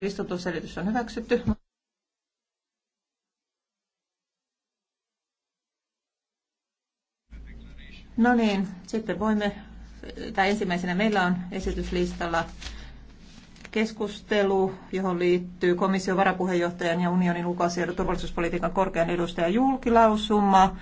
selitys on hyväksytty. No niin, sitten voimme, tai ensimmäisenä meillä on esityslistalla keskustelu, johon liittyy komission varapuheenjohtajan ja unionin ulkoasioiden turvallisuuspolitiikan korkean edustajan julkilausuma.